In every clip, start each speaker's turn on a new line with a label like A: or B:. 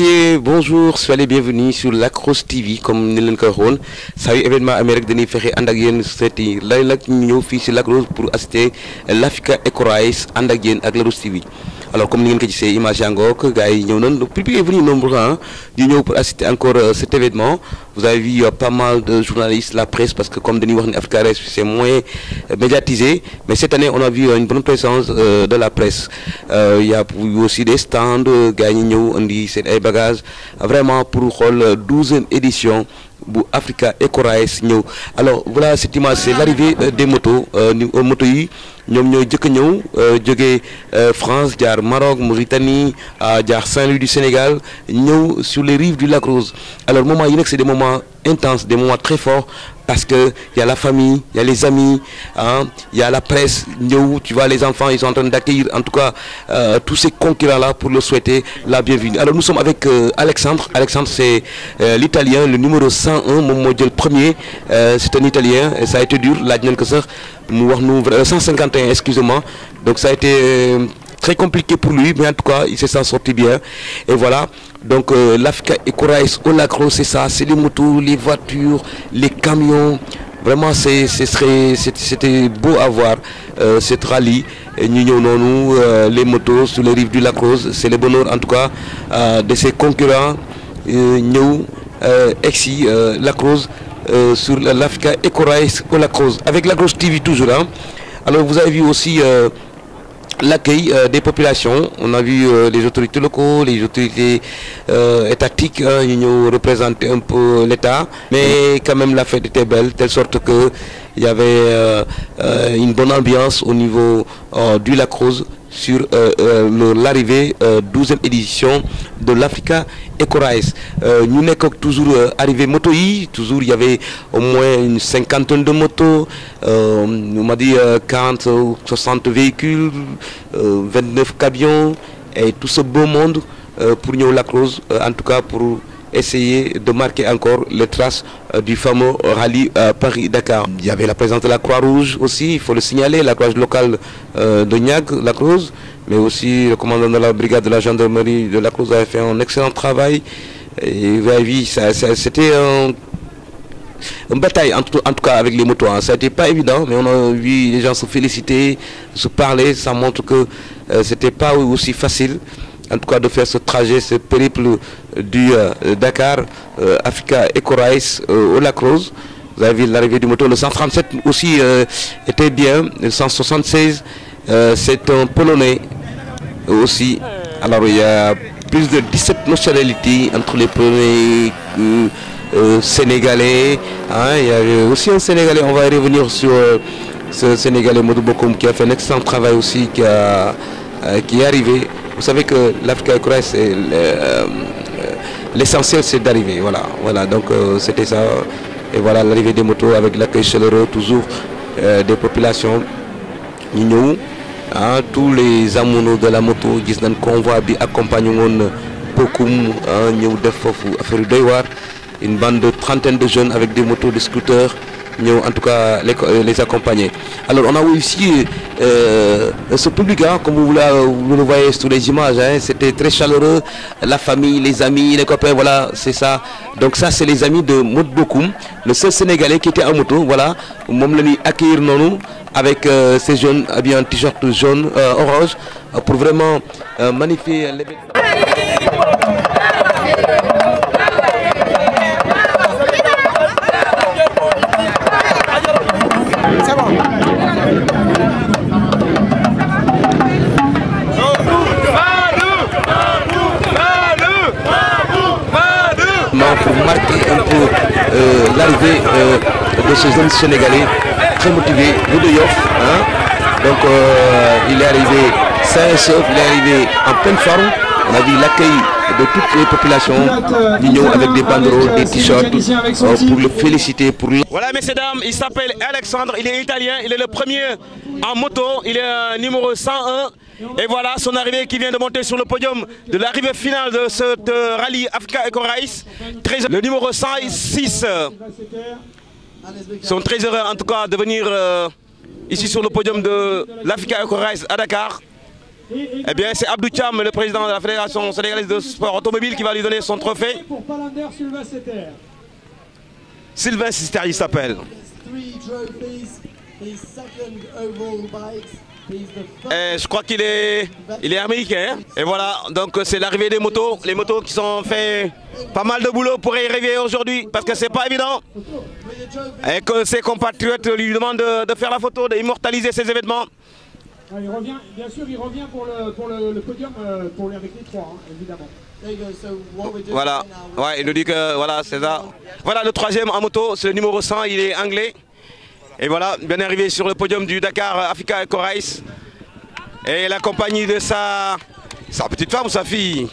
A: messieurs bonjour soyez les bienvenus sur Lacrosse TV comme ni leen Salut, événement américain de dañuy fexe ànd ak yéen seeti lay nag ñëw pour assister l'Africa Eco Race ànd ak ak TV alors comme nous dit, c'est image Angok, est venu nombreux pour assister encore euh, cet événement vous avez vu pas mal de journalistes la presse parce que comme des wax ni Africa c'est moins euh, médiatisé mais cette année on a vu une bonne présence euh, de la presse il y a eu aussi des stands gars yi ñëw indi bagages vraiment pour la douzième édition. Africa Race. ñëw alors voilà cette image c'est l'arrivée des motos nous sommes en France jaar Maroc Mauritanie jaar Saint-Louis du Sénégal sur les rives du lac Rose alors moment yi c'est des moments intenses des moments très forts parce qu'il y a la famille, il y a les amis, hein. il y a la presse, tu vois, les enfants, ils sont en train d'accueillir, en tout cas, euh, tous ces concurrents-là pour leur souhaiter la bienvenue. Alors nous sommes avec euh, Alexandre. Alexandre, c'est euh, l'Italien, le numéro 101, mon modèle premier. c'est un Italien, et ça a été dur, la nous 151, excusez-moi. Donc ça a été très compliqué pour lui, mais en tout cas, il s'est bien. Et voilà. Donc Race euh, l'Africa Lac Rose, c'est ça, c'est les motos, les voitures, les camions. Vraiment, c'était beau à voir euh, cette rallye. Nous, nous, euh, les motos sur les rives du lac Rose. C'est le bonheur en tout cas de ses concurrents, nous, Exi, lac Rose, sur l'Africa Lac Rose. Avec la Rose TV toujours. Hein. Alors vous avez vu aussi l'accueil euh, des populations. On a vu euh, les autorités locaux, les autorités euh, étatiques, ils hein, nous représentaient un peu l'État. Mais quand même, la fête était belle, telle sorte que il y avait une bonne ambiance au niveau du Rose sur l'arrivée 12e édition de l'Africa corais nous sommes toujours euh, arrivé moto toujours il y avait au moins une cinquantaine de motos euh, on m'a dit euh, ou 60 véhicules 29 camions et tout ce beau monde pour nous, la close en tout cas pour essayer de marquer encore les traces euh, du fameux rallye à euh, Paris-Dakar. Il y avait la présence de la Croix-Rouge aussi, il faut le signaler, la croix locale euh, de Niag, la croix mais aussi le commandant de la brigade de la gendarmerie de la croix avait fait un excellent travail. Et vous avez c'était un une bataille en tout, cas avec les motos. Hein. Ça n'était pas évident, mais on a vu les gens se féliciter, se parler. Ça montre que c'était pas aussi facile, en tout cas, de faire ce trajet, ce périple du euh, Dakar euh, Africa et Race euh, au la Vous avez vu l'arrivée du moto. Le 137 aussi était bien. Le 176, c'est un Polonais aussi. Alors il y a plus de 17 nationalités entre les Polonais. sénégalais. Hein. il y a aussi un sénégalais. On va revenir sur ce sénégalais Bokum qui a fait un excellent travail aussi, qui, qui est arrivé. Vous savez que l'Africa Express est l'essentiel c'est d'arriver. Voilà, voilà, donc euh, c'était ça. Et voilà l'arrivée des motos avec l'accueil chaleureux, toujours euh, des populations. Nous, ah, tous les amoureux de la moto, disent qu'on voit convoi accompagnent beaucoup hein, ah, de affaire une bande de trentaine de jeunes avec des motos, des scooters en tout cas euh, les, accompagner. Alors on a aussi euh, ce public, là hein, comme vous, le voyez sur les images, hein, c'était très chaleureux, la famille, les amis, les copains, voilà, c'est ça. Donc ça c'est les amis de Maud le seul Sénégalais qui était à moto, voilà, ami akir Nounou avec ses euh, ces jeunes habillés en t-shirt jaune, orange, pour vraiment magnifier les. Sénégalais très motivé, de hein. Donc euh, il est arrivé c'est il est arrivé en pleine forme. On a vu l'accueil de toutes les populations l'union avec des banderoles, des t-shirts euh, pour le féliciter. Pour... lui. Voilà, messieurs, dames, il s'appelle Alexandre, il est italien, il est le premier en moto, il est euh, numéro 101. Et voilà son arrivée qui vient de monter sur le podium de l'arrivée finale de ce rallye Africa Eco Race. Le numéro 106 sont très heureux en tout cas de venir euh, ici sur le podium de l'Africa Eco Race à Dakar. Eh bien, c'est Abdou Cham, le président de la Fédération sénégalaise de sport automobile, qui va lui donner son trophée. Sylvain Sister, il s'appelle. Et eh, je crois qu'il est, il est américain. Hein. Et voilà, donc euh, c'est l'arrivée des motos. Les motos qui sont fait pas mal de boulot pour y arriver aujourd'hui parce que c'est pas évident. Et que ses compatriotes lui demandent de, faire la photo, d'immortaliser ces événements.
B: Ah, il revient, bien sûr, il revient pour le, podium euh, pour les, avec les trois, hein, évidemment.
A: Voilà, ouais, il nous dit que voilà, c'est ça. Voilà le troisième en moto, c'est le numéro 100, il est anglais. Et voilà, bien arrivé sur le podium du Dakar Africa Eco Race. Et la compagnie de sa, sa petite femme sa fille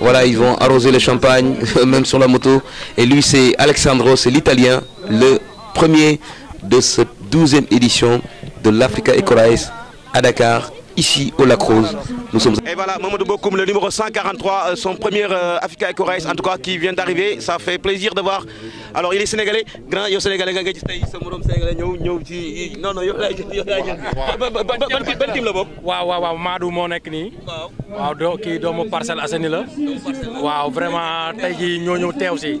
A: voilà, ils vont arroser le champagne, même sur la moto. Et lui, c'est Alexandro, c'est l'Italien, le premier de cette 12e édition de l'Africa Eco Race à Dakar, ici au Lacrose, et voilà, Mamadou Bokoum, le numéro 143, euh, son premier euh, Africa Eco Race, en tout cas, qui vient d'arriver. Ça fait plaisir de voir. Alors, il est sénégalais. Grand, il est sénégalais. Il est sénégalais. Non, non, il est Sénégalais. Bel
B: team la Waouh waouh waouh, waaw Madou moo Waouh, nii. waaw est kii doomu Parcelles Assainies la. waaw vraiment il est sénégalais ñëw teew Sénégalais.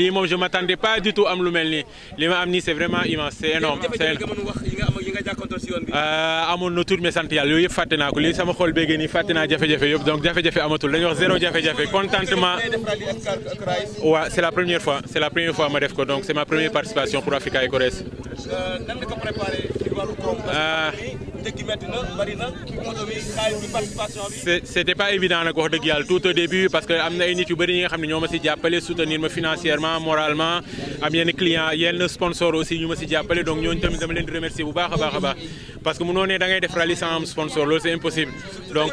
B: Je ne je m'attendais pas du tout à lu les c'est vraiment immense c'est énorme nga jàkkoontoon si bi. Euh, amoon na tuut mais sant yàlla yooyu yëpp fàtte naa ko lii sama xol bee nii fàtte naa jafe-jafe yëpp donc jafe-jafe amatul dañ wax zéro jafe-jafe contentement. waaw c'est la première fois c'est la première fois ma def ko donc c'est ma première participation pour Africa Ecores.
A: euh nan nga ko préparé ci wàllu koom.
B: Euh. c'était pas évident nag wax dëgg yàlla tout au début parce que am na ay nit yu bëri nga xam ne ñoo ma soutenir ma financièrement moralement am yenn client yenn sponsor aussi ñu ma si jàppale donc ñooñu tamit dama leen remercier bu baax a parce que mon da ngay def rallye sans sponsor c'est impossible donc.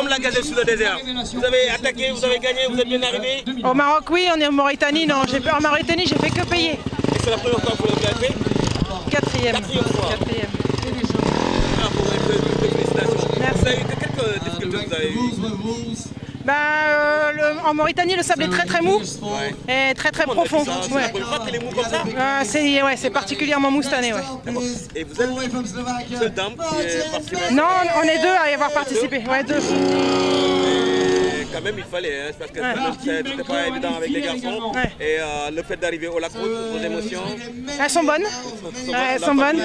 B: comme la gazelle sous le désert. Vous avez attaqué, vous avez gagné, vous êtes bien arrivés Au Maroc, oui, on est en Mauritanie, non. J'ai En Mauritanie, j'ai fait que payer. Et c'est la première fois que vous l'avez fait Quatrième. Quatrième fois. Quatrième. Ah, euh,
A: félicitations. Merci. Vous avez eu quelques difficultés, vous avez eu
B: bah, euh, en Mauritanie, le sable est très très mou et très très profond. Ah, c'est ouais. C'est particulièrement moustané. Ouais.
A: Et vous êtes dame Non, on est deux
B: à y avoir participé. deux
A: quand même, il fallait, hein, parce que c'était pas évident avec les garçons. Et euh, le fait d'arriver au lac vos émotions.
B: Elles sont bonnes. Elles sont bonnes.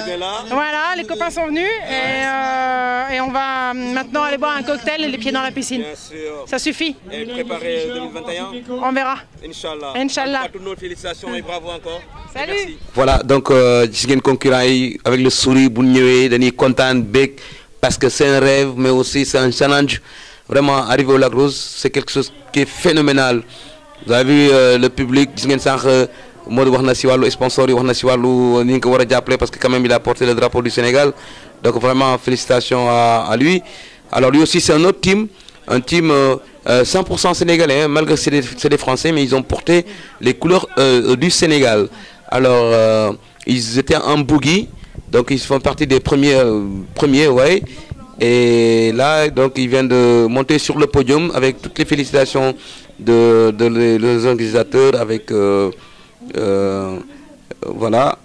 B: Voilà, les copains sont venus et, euh, on va euh, maintenant aller boire un cocktail et les pieds dans la piscine. Ça suffit. Et préparer
A: 2021. On verra. Inch'Allah. Inch'Allah. Toutes nos félicitations et bravo encore. Salut. Voilà, donc, gis ngeen concurrent avec le sourire bounioué Denis dañuy bec parce que c'est un rêve mais aussi c'est un challenge vraiment arriver au Lac Rose c'est quelque chose qui est phénoménal vous avez vu euh, le public mode que de Modou sponsor parce que quand même il a porté le drapeau du Sénégal donc vraiment félicitations à, lui alors lui aussi c'est un autre team un team 100% euh, euh, sénégalais hein, malgré que c'est des, Français mais ils ont porté les couleurs du Sénégal alors ils étaient en boogie donc ils font partie des premiers premiers ouais et là, donc, il vient de monter sur le podium avec toutes les félicitations de, les, organisateurs, avec euh, euh, voilà,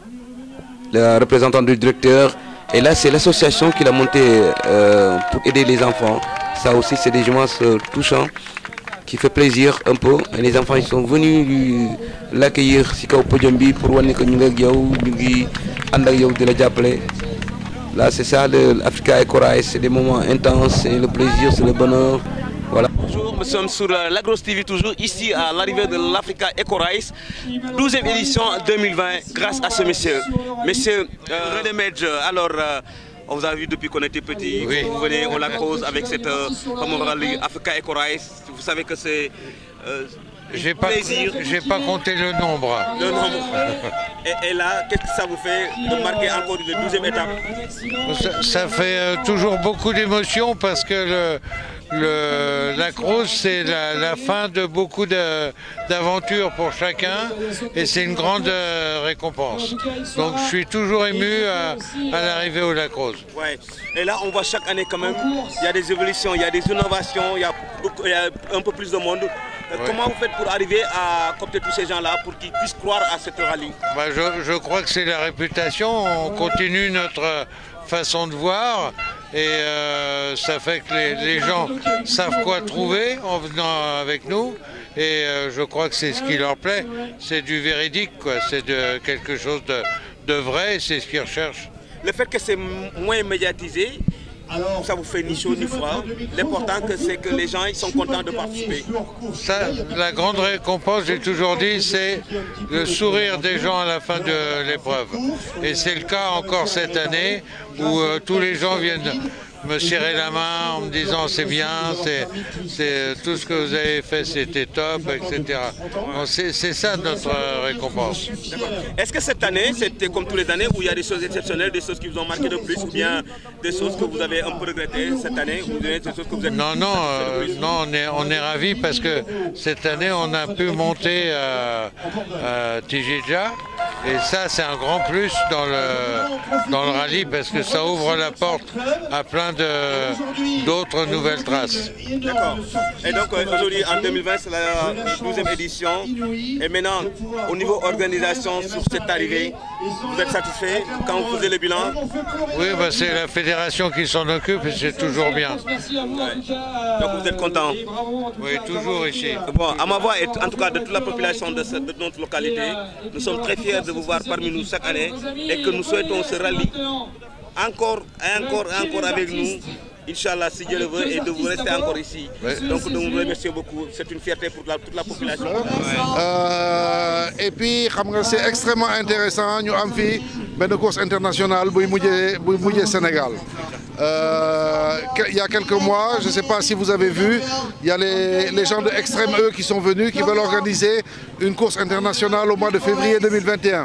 A: la représentante du directeur. Et là, c'est l'association qui l'a monté euh, pour aider les enfants. Ça aussi, c'est des gens touchants qui fait plaisir un peu. Et les enfants, ils sont venus l'accueillir si au podium pour voir que nous avons de la Là, c'est ça, l'Africa et c'est des moments intenses, c'est le plaisir, c'est le bonheur. Voilà. Bonjour, nous sommes sur euh, la Grosse TV toujours, ici à l'arrivée de l'Africa Eco 12e édition 2020, grâce à ce monsieur. Monsieur euh, René Medge, alors euh, on vous a vu depuis qu'on était petit, vous venez, on la cause avec cette euh, Africa Eco Rice, vous savez que c'est... J'ai pas, j'ai pas compté
C: le nombre. Le
A: Et, là, qu'est-ce que ça vous fait de marquer encore une deuxième étape
C: ça, fait euh, toujours beaucoup d'émotions parce que le, le, la crosse, c'est la, fin de beaucoup d'aventures pour chacun et c'est une grande euh, récompense. Donc je suis toujours ému euh, à, l'arrivée au lacrosse. Ouais.
A: Et là, on voit chaque année quand même, il y a des évolutions, il y a des innovations, il y a un peu plus de monde. Euh, comment vous faites pour arriver à compter tous ces gens-là pour qu'ils puissent croire
C: à cette rallye bah, je, crois que c'est la réputation. On continue notre façon de voir et euh, ça fait que les, gens savent quoi trouver en venant avec nous et euh, je crois que c'est ce qui leur plaît. C'est du véridique, quoi. C'est de quelque chose de, de vrai, c'est ce qu'ils recherchent.
A: Le fait que c'est moins médiatisé, ça vous fait ni chaud ni froid. L'important, c'est que les gens ils sont
C: contents de participer. Ça, la grande récompense, j'ai toujours dit, c'est le sourire des gens à la fin de l'épreuve. Et c'est le cas encore cette année, où euh, tous les gens viennent me serrer la main en me disant c'est bien, c'est tout ce que vous avez fait c'était top, etc. c'est ça notre récompense. Est-ce que cette année, c'était comme tous les années où il y a des choses exceptionnelles, des choses qui vous ont marqué de plus, ou
A: bien des choses que vous avez un peu regrettées cette année, des choses que vous avez
C: Non, non, euh, non, on est, on est ravis parce que cette année on a pu monter à, euh, à euh, Et ça, c'est un grand plus dans le, dans le rallye parce que ça ouvre la porte à plein d'autres nouvelles traces.
A: D'accord. Et donc euh, aujourd'hui, en 2020, c'est la 12e édition. Et maintenant, au niveau organisation sur cette arrivée, vous êtes satisfait quand vous posez le bilan
C: Oui, bah, c'est la fédération qui s'en occupe et c'est toujours bien.
A: Donc vous êtes content
C: Oui, toujours
A: ici. Bon, à ma voix et en tout cas de toute la population de, notre localité, nous sommes très fiers de vous voir parmi nous chaque année
C: et que nous souhaitons se rallier
A: encore, encore, encore avec nous. Inch'Allah, si Dieu le veut, et de vous rester encore ici. Donc, nous vous remercions beaucoup. C'est une fierté pour toute la population.
D: Euh, et puis, c'est extrêmement intéressant. Nous avons fait une course internationale pour le Sénégal. Euh, il y a quelques mois, je ne sais pas si vous avez vu, il y a les, gens de Extrême E qui sont venus, qui veulent organiser une course internationale au mois de février 2021.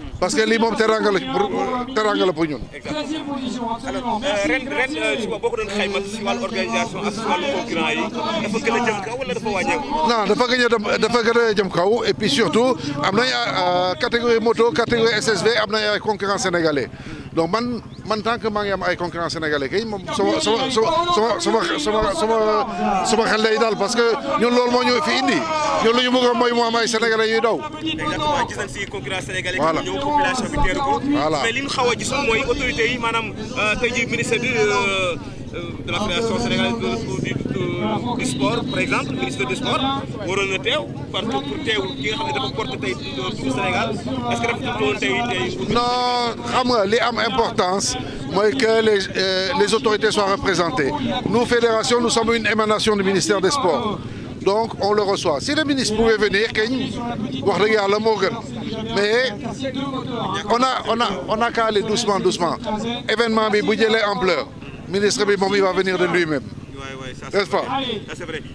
D: parce que lii moom teranga la pour teranga la pour ñun. exactement alors ren ren euh, suba boo ko doon xayma si wàllu
A: organisation ak si wàllu concurrent yi dafa gën a jëm kaw wala dafa wàññeeku.
D: non dafa gën a dem dafa gën a jëm kaw et puis surtout am nañ euh, catégorie moto catégorie SSV am nañ ay concurrent sénégalais. Donc, man, man tant que man yam ay concurrence sénégalais kay sama sama sama sama sama sama sama xel lay dal parce que ñun lool mo ñu fi indi ñun lu ñu bëgg moy mo am ay sénégalais yu daw
A: exactement gis nañ ci concurrence sénégalais ñu population bi téer ko mais lim xawa gis moy autorité yi manam euh, tay ji ministre de euh, euh, de la création sénégalaise de
C: Euh, du sport par
A: exemple le ministre du sport waroon na pour teew ki nga porte tay Sénégal est ce que dafa doon tey tay
D: non xam nga li am importance que les euh, les autorités soient représentées nous fédération nous sommes une émanation du ministère des sports. Donc, on le reçoit. Si le ministre pouvait venir, mais on a, on a, on a qu'à aller doucement, doucement. Événement, il en pleurs. Le ministre il va venir de lui-même.
A: vai, vai. ça c'est